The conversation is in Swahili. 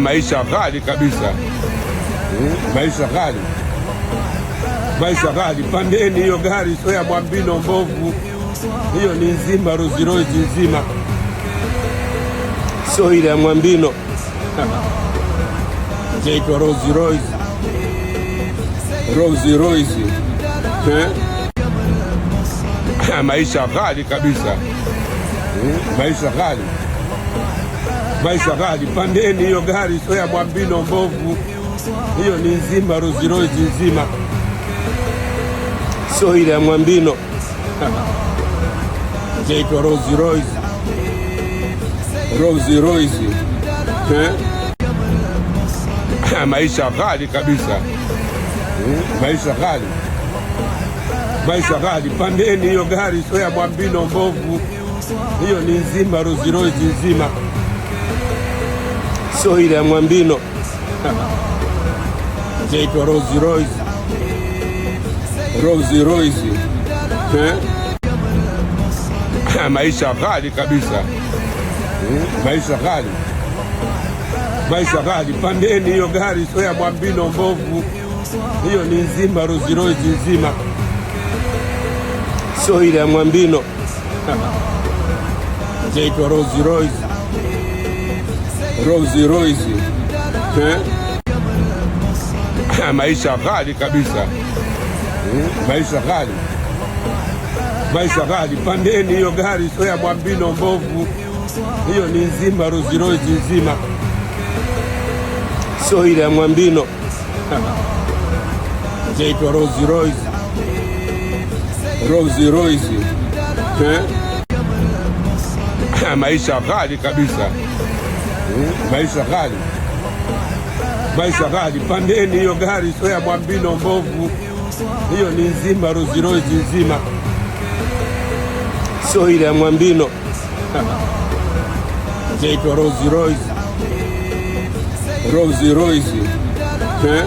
maisha ghali kabisa, hmm? maisha ghali, maisha ghali. Pandeni hiyo gari, sio ya mwambino mbovu, hiyo ni nzima, Rolls Royce nzima, sio ile ya mwambino naitwa Rolls Royce, Rolls Royce eh? maisha ghali kabisa, hmm? maisha ghali maisha gari, pandeni hiyo gari, sio ya mwambino mbovu. Hiyo ni nzima, Rolls Royce nzima, sio ile ya Mwambino naitwa Rolls Royce, Rolls Royce eh? maisha ghali kabisa hmm? maisha ghali, maisha ghali. Pandeni hiyo gari, sio ya Mwambino mbovu. Hiyo ni nzima, Rolls Royce nzima sio ile ya Mwambino zaitwa Rolls Royce, Rolls Royce eh? maisha ghali kabisa hmm? maisha ghali, maisha ghali. Pandeni hiyo gari, sio ya Mwambino mbovu hiyo, ni nzima, Rolls Royce nzima, sio ile ya Mwambino zaitwa Rolls Royce Rolls Royce eh? maisha ghali kabisa maisha ghali, maisha ghali. Pandeni hiyo gari, sio ya mwambino mbovu, hiyo ni nzima, Rolls Royce nzima, sio ile ya mwambino zaitwa Rolls Royce, Rolls Royce eh? maisha ghali kabisa maisha ghali, maisha ghali. Pandeni hiyo gari, sio ya mwambino mbovu, hiyo ni nzima, Rolls Royce nzima, sio ile ya mwambino naitwa Rolls Royce, Rolls Royce eh?